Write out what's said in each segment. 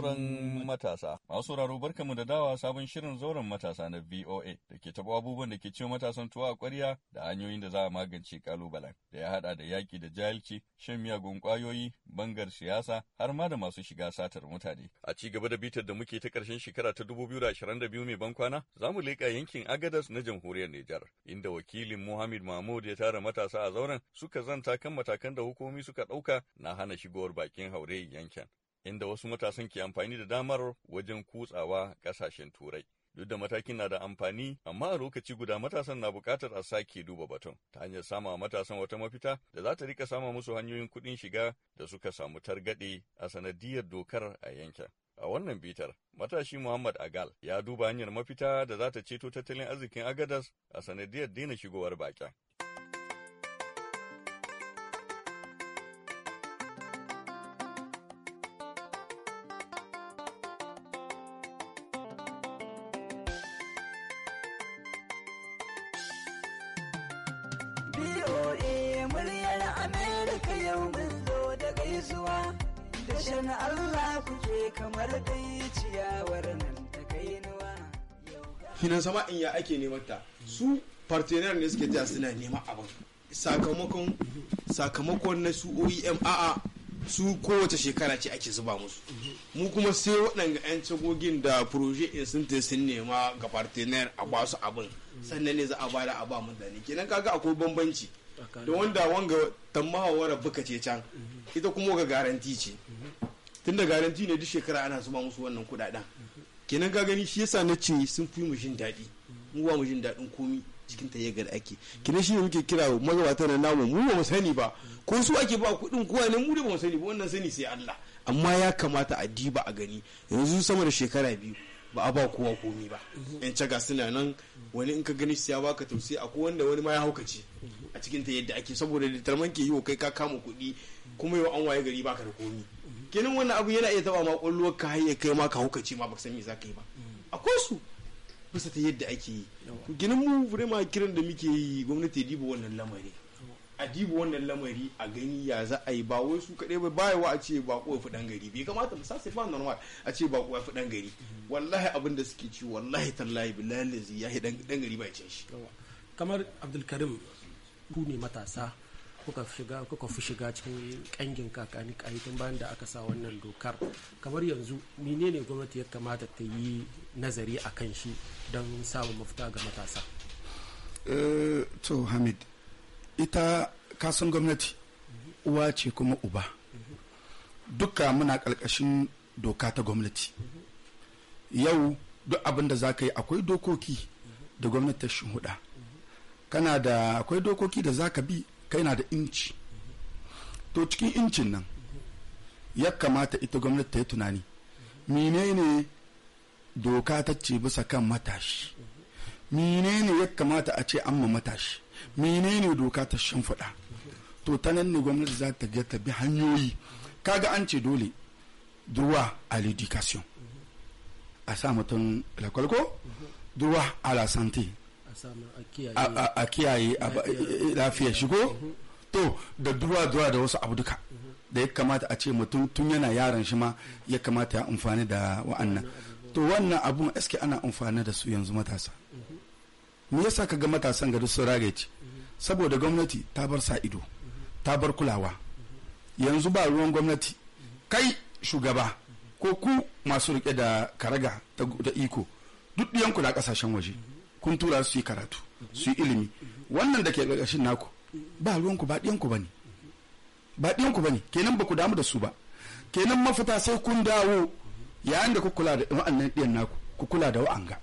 zauren mm. matasa. Masu sauraro barkamu da dawa sabon shirin zauren matasa na VOA da ke taɓa abubuwan da ke ce matasan tuwa a ƙwarya da hanyoyin da za a magance ƙalubalen da ya haɗa da yaƙi da jahilci, shan miyagun ƙwayoyi, bangar siyasa har ma da masu shiga satar mutane. A ci gaba da bitar da muke ta karshen shekara ta biyu mai bankwana za mu leƙa yankin Agadas na jamhuriyar Nijar inda wakilin Muhammad Mahmud ya tara matasa a zauren suka zanta kan matakan da hukumomi suka ɗauka na hana shigowar bakin haure yankin. inda wasu matasan ke amfani da damar wajen kutsawa ƙasashen Turai. Duk da matakin na da amfani, amma a lokaci guda matasan na buƙatar a sake duba batun ta hanyar sama matasan wata mafita da za ta rika sama musu hanyoyin kuɗin shiga da suka samu targaɗe a sanadiyar dokar a yankin. A wannan bitar, matashi Muhammad Agal ya duba hanyar mafita da za ta ceto tattalin arzikin Agadas a sanadiyar daina shigowar baƙin. BOA muryar Amerika yau mun zo da gaisuwa. Dashen Allah kuke kamar dai ciyawar nan ta kai nuwa. Hinan sama in ya ake neman ta su partenaire ne suke jiya suna neman abin. Sakamakon sakamakon na su OEM a'a su kowace shekara ce ake zuba musu mu kuma sai waɗanga 'yan cagogin da proje in sun te nema ga partner a ba su abin sannan ne za a bada a ba mu ne kenan kaga akwai bambanci da wanda wanga wara buka ce can ita kuma ga garanti ce tun da garanti ne duk shekara ana zuba musu wannan kudaden kenan ka gani shi yasa na ce sun fi mu jin daɗi mu ba mu jin daɗin komi cikin ta yagar ake kina shi muke kira magabata na namu mu ba mu sani ba ko su ake ba kuɗin kowa ne mu da ba mu sani ba wannan sani sai Allah amma ya kamata a diba a gani yanzu sama da shekara biyu ba a ba kowa komi ba mhm. yan caga suna nan wani in ka gani su ya baka tausayi akwai wanda wani ma ya haukace a cikin ta yadda ake saboda litarman ke yi wa kai ka kama kuɗi kuma yau an waye gari baka da komi mhm. kenan wannan abu yana iya taba ma kwallo ka har ya kai ma ka ce ma baka san me zaka yi ba mhm. akwai su bisa ta yadda ake yi ginin mu vraiment kiran da muke yi gwamnati diba wannan lamari a diba wannan lamari a gani ya za a yi ba wai su kaɗai ba bayawa a ce ba ya fi ɗan gari bai kamata mu sasa fa normal a ce ba ya fi ɗan gari wallahi abin da suke ci wallahi tallahi billahi lazi ya yi ɗan gari ba ya ce shi kamar abdulkarim ku ne matasa kuka shiga fi shiga cikin kangin kakani tun bayan da aka sa wannan dokar kamar yanzu menene gwamnati ya kamata ta yi nazari a kan shi don samun mafita ga matasa eh, to hamid ita kasan gwamnati uwa ce kuma uba duka muna ƙarƙashin doka ta gwamnati yau duk abin da za ka yi akwai dokoki da gwamnati ta hudu kana da akwai dokoki da za ka bi kai na da inci to cikin incin nan ya kamata ita gwamnati ta yi tunani menene doka ta ce bisa kan matashi menene ya kamata a ce an ma matashi menene doka ta shimfiɗa to ta nan ne gwamnati za ta ga ta bi hanyoyi kaga an ce dole droit a l'éducation a sa mutum lakwalko droit a la santé a kiyaye lafiya shigo mhm. to da duwa duwa da wasu abu duka mhm. da ya kamata a ce mutum tun yana yaran shi ma ya kamata ya amfani da wa'annan to wannan abun eske ana amfani da su yanzu matasa mhm. me yasa ka ga matasan gari sun ce saboda gwamnati ta bar sa ido ta bar kulawa yanzu ba ruwan gwamnati kai shugaba ko ku masu rike da karaga ta iko duk ɗiyanku na ƙasashen waje kun tura su yi karatu su yi ilimi wannan da ke ƙarƙashin naku ba ruwanku ba ɗiyanku ba ne ba ɗiyanku ba ne kenan ba ku damu da su ba kenan mafita sai kun dawo yayin da ku kula da wa'annan ɗiyan naku ku kula da wa'anga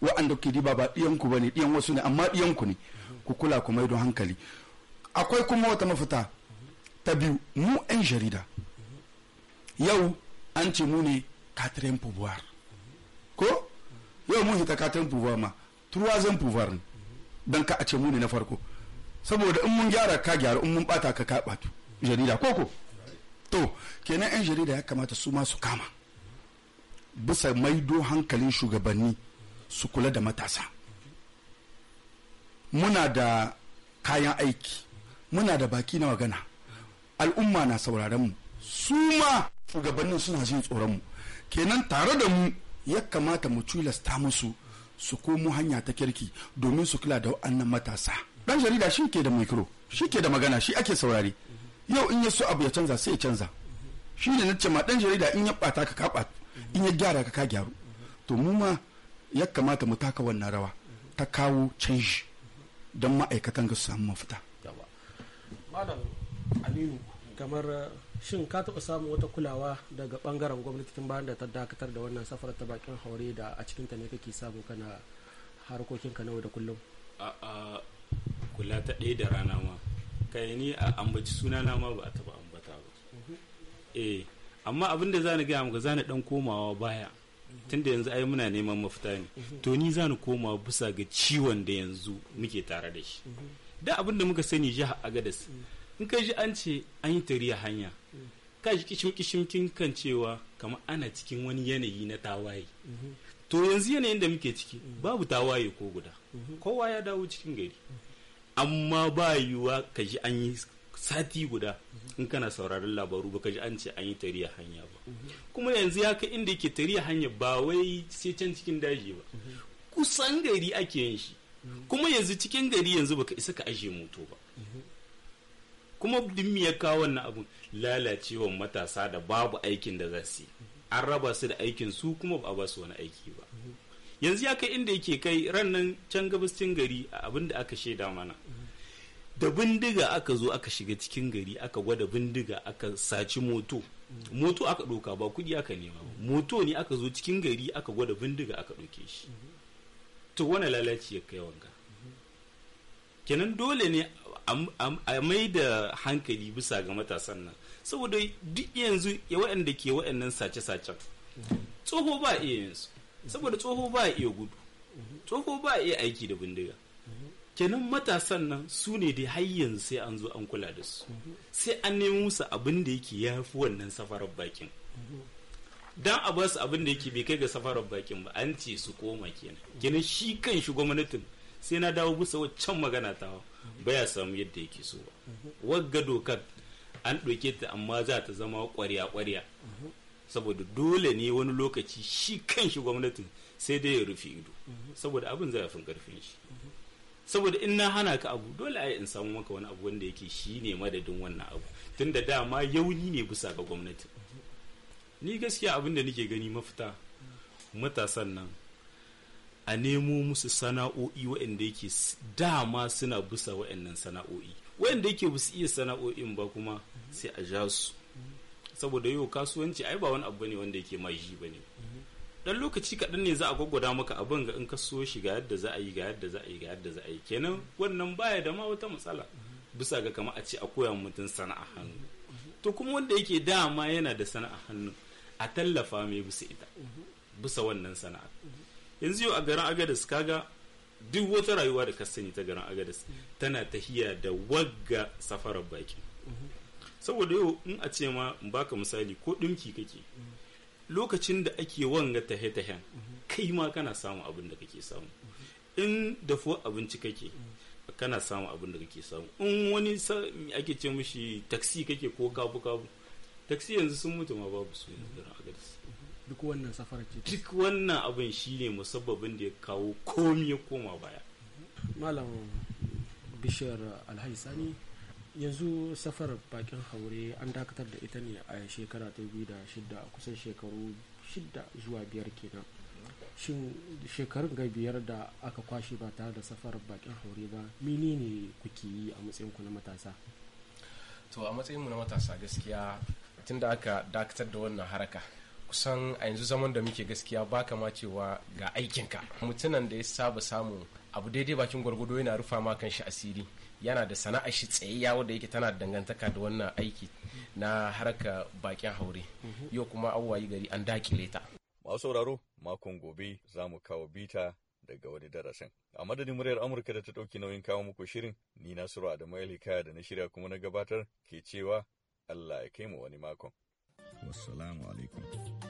wa'anda ke diba ba ɗiyanku ba ne ɗiyan wasu ne amma ɗiyanku ne ku kula ku maido hankali akwai kuma wata mafita ta biyu mu 'yan jarida yau an ce mu ne catherine pouvoir ko yau mun hita catherine pouvoir ma troisième pouvoir ne dan ka a ce mu ne na farko saboda in mun gyara ka gyara in mun bata ka ka bato jarida koko to kenan yan jarida ya kamata su ma su kama bisa maido hankalin shugabanni su kula da matasa muna da kayan aiki muna da baki na magana al'umma na sauraron mu su ma shugabannin suna jin tsoron mu kenan tare da mu ya kamata mu tilasta musu su komo hanya ta kirki domin su kula da wa'annan matasa dan jarida shi ke da mikro shi ke da magana shi ake saurari yau in ya so abu ya canza sai ya canza shi ne na ma dan jarida in ya bata ka ka bata in ya gyara ka ka gyaru to mu ma ya kamata mu taka wannan rawa ta kawo canji don ma'aikatan ga su samu mafita. Malam Aliyu kamar shin ka taɓa samun wata kulawa daga ɓangaren gwamnati tun bayan da ta dakatar da wannan safar ta bakin haure da a cikin ta ne kake samu kana ka na da kullum a kula ta ɗaya da rana ma kai ni a ambaci suna na ma ba a taɓa ambata ba mhm. eh amma abin da zani gaya muka zani dan komawa baya mhm. tunda yanzu ai muna neman mafita ne mhm. to ni za koma bisa ga ciwon da yanzu muke tare da shi da abin da muka sani jihar agadas in ka ji an ce an yi tari a hanya ka ji kishin kan cewa kamar ana cikin wani yanayi na tawaye to yanzu yanayin da muke ciki babu tawaye ko guda kowa ya dawo cikin gari amma ba yiwuwa ka ji an yi sati guda in kana sauraron labaru ba ka ji an ce an yi tari a hanya ba kuma yanzu ya ka inda yake tari a hanya ba wai sai can cikin daji ba kusan gari ake yin shi kuma yanzu cikin gari yanzu baka isa ka ajiye moto ba kuma dimmi ya kawo wannan abun lalacewa matasa da babu aikin da za an raba su da aikin su kuma ba a ba su wani aiki ba yanzu ya kai inda yake kai ran nan can gabastin gari abin da aka shaida mana da bindiga aka zo aka shiga cikin gari aka gwada bindiga aka saci moto moto aka ɗauka ba kuɗi aka nema ba moto ne aka zo cikin gari aka gwada bindiga aka ɗauke shi to wani lalaci ya kai wanga kenan dole ne a mai da hankali bisa ga matasan nan saboda duk yanzu ya waɗanda ke waɗannan sace-sacen tsoho ba iya yanzu saboda tsoho ba iya gudu tsoho ba iya aiki da bindiga kenan matasan nan su ne da har yanzu sai an zo an kula da su sai an nemi musu abin da yake ya fi wannan safarar bakin dan a basu abin da yake bai kai ga safarar bakin ba an ce su koma kenan kenan shi kan shi gwamnatin sai na dawo bisa waccan magana ta baya samu yadda yake so ba wagga dokar an ɗauke ta amma za ta zama ƙwarya ƙwarya saboda dole ne wani lokaci shi kan shi gwamnatin sai dai ya rufe ido saboda abin zai fi karfin shi saboda in na hana ka abu dole a in samu maka wani abu wanda yake shi ne madadin wannan abu tun da dama yauni ne bisa ga gwamnati ni gaskiya abin da nake gani mafita matasan nan a nemo musu sana'o'i waɗanda yake dama suna bisa waɗannan sana'o'i waɗanda yake ba su iya sana'o'in ba kuma sai a ja su saboda yau kasuwanci ai ba wani abu ne wanda yake maji ba ne dan lokaci kaɗan ne za a gwaggwada maka abin ga in ka so shi ga yadda za a yi ga yadda za a yi ga yadda za a yi kenan wannan baya da ma wata matsala bisa ga kama a ce a koya mutum sana'a hannu to kuma wanda yake dama yana da sana'a hannu a tallafa mai bisa ita bisa wannan sana'a yanzu yau a garin agadas kaga duk wata rayuwa da ka sani ta garin agadas tana tahiya da wagga safarar baki saboda yau in a ce ma baka misali ko ɗinki kake lokacin da ake wanga tahe-tahen kai ma kana samun abin da kake samu in dafuwa abinci kake kana samun abin da kake samu in wani ake ce mishi taksi kake ko kabu-kabu taksi yanzu sun mutu ma babu su yanzu garin agadas duk wannan safarar ce duk wannan abin shine musabbabin da ya kawo komi ya koma baya malam bishiyar alhaji sani yanzu safar bakin haure an dakatar da ita ne a shekara ta biyu da shida kusan shekaru shida zuwa biyar kenan shin shekarun ga biyar da aka kwashe ba tare da safar bakin haure ba mini ne kuke yi a matsayin ku na matasa to a matsayin mu na matasa gaskiya tun da aka dakatar da wannan haraka kusan a yanzu zaman da muke gaskiya ba kama cewa ga aikinka mutunan da ya saba samun abu daidai bakin gwargwado yana rufa ma kan shi asiri yana da sana'a shi tsayayya wadda yake tana dangantaka da wannan aiki na haraka bakin haure mhm. yau kuma yi gari an dakile ta masu sauraro makon gobe za mu kawo bita daga wani darasin a madadin muryar amurka da ta ɗauki nauyin kawo muku shirin ni na suru adamu hikaya da na shirya kuma na gabatar ke cewa allah ya kai mu wani makon wassalamu alaikum